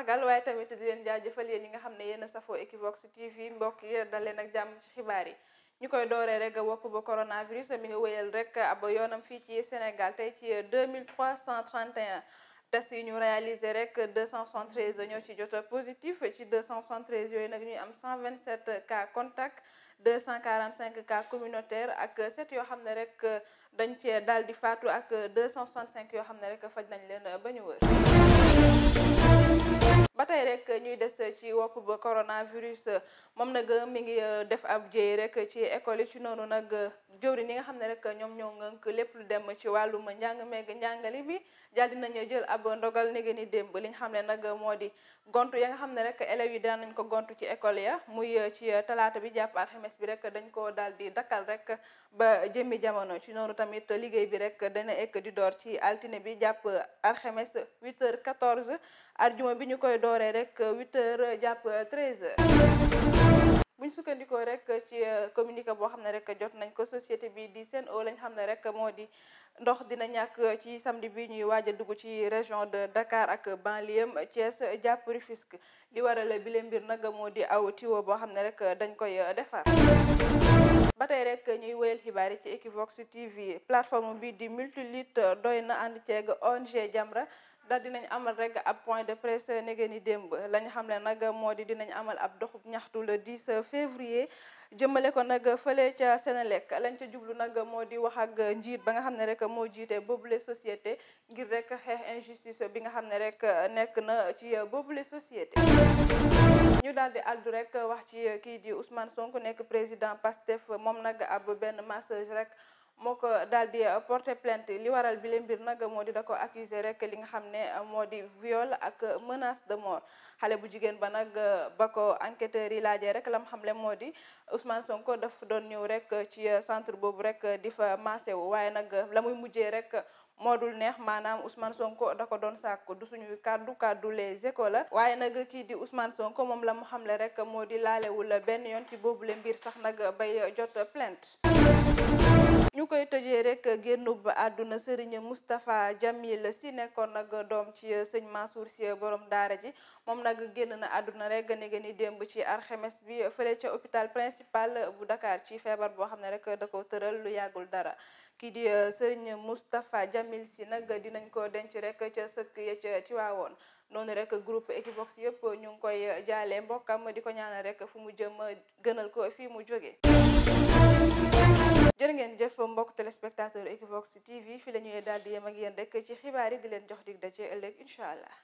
sargal waaye tamit di leen jaajëfal yéen ñi nga xam ne yéen a safoo Equivox TV mbokk yi dal leen ak jàmm ci xibaar yi ñu koy dooree rek wopp ba coronavirus mi ngi wéyal rek ab yoonam fii ci Sénégal tey ci 2331 test yi ñu réalisé rek 273 ñoo ci jot positif ci 273 yooyu nag ñuy am 127 cas contact 245 cas communautaire ak 7 yoo xam ne rek dañ cee daal di faatu ak 265 yoo xam ne rek faj nañ leen ba ñu wër ba tey rek ñuy des ci wopp ba coronavirus moom nag mi ngi euh, def ab jéey rek ci école yi ci noonu nag euh, jëwri ñi nga xam ne rek ñoom ñoo ngënk lépp lu dem ci wàllum njàng meeg njàngale bi daal dinañu jël ab ndogal nege ni démb li nga xam ne nag moo di gontu ya nga xam ne rek élèves yi daan nañ ko gontu ci école ya muy euh, ci talaata bi jàpp alxames bi rek dañ ko daal di dakkal rek ba jëmmi jamono ci noonu tamit liggéey bi rek dana ekk di door ci altine bi jàpp alxames 8h14 arjuma bi ñu koy door dooree rek 8 jàpp 13 heures. sukkandikoo rek ci euh, communiqué boo xam ne rek jot nañ ko société bi di Sen'Eau lañ xam ne rek moo di ndox dina ñàkk ci samedi bi ñuy waaj dugg ci région de Dakar ak banlieue Thiès jàpp Rufisque li waral bile mbir nag moo di aw tiwo boo xam ne rek dañ koy defar. ba tey rek ñuy wéyal xibaar yi ci Equivox TV plateforme bi di Multilutte doy na ànd ceeg ONG Jamra daal dinañ amal rek ab point de presse nege ni démb lañu xam ne nag moo di dinañ amal ab doxub ñaxtu le 10 février jëmale ko nag fële ca lekk lañ ca jublu nag moo di wax ak njiit ba nga xam ne rek moo jiite boobule société ngir rek xeex injustice bi nga xam ne rek nekk na ci boobule société. ñu daal di àddu rek wax ci kii di Ousmane Sonko nekk président PASTEF moom nag ab benn massage rek. moo ko daal di euh, porter plainte li waral bi le mbir nag moo di da ko accuser rek li nga xam ne euh, moo di viol ak menace de mort xale bu jigéen ba nag euh, ba ko enquêteurs yi laajee rek lam xamle moo di Ousmane Sonko daf doon ñëw rek ci centre boobu rek di fa maase wu waaye nag la muy mujjee rek moo dul neex maanaam Ousmane Sonko da ko doon sàkku du suñuy kàddu kàddu le écoles la waaye nag kii di Ousmane Sonko moom la mu lee rek moo di laalewul benn yoon ci boobule mbir sax nag bay jot plainte ñu koy tojee rek génnub àdduna sëriñ Moustapha Jamil si nekkoon nag doom ci sëñ Mansour si borom daara ji moom nag génn na àdduna rek ne ni démb ci alxames bi fële ca hôpital principal bu Dakar ci feebar boo xam ne rek da ko tëral lu yàggul dara kii di eh, sëriñ Moustapha Jamil si nag dinañ ko denc rek ca sëkk ya ca Tiwaawoon noonu rek group Equivox yëpp ñu ngi koy eh, jaalee mbokkam di ko ñaanal rek fu mu jëm eh, gënal ko fii mu jóge jërë ngeen jëf mbokk téléspectateur Equivox TV fi la ñuy daal di yem ak yéen rek ci xibaar yi di leen jox dig daje ëllëg incha allah.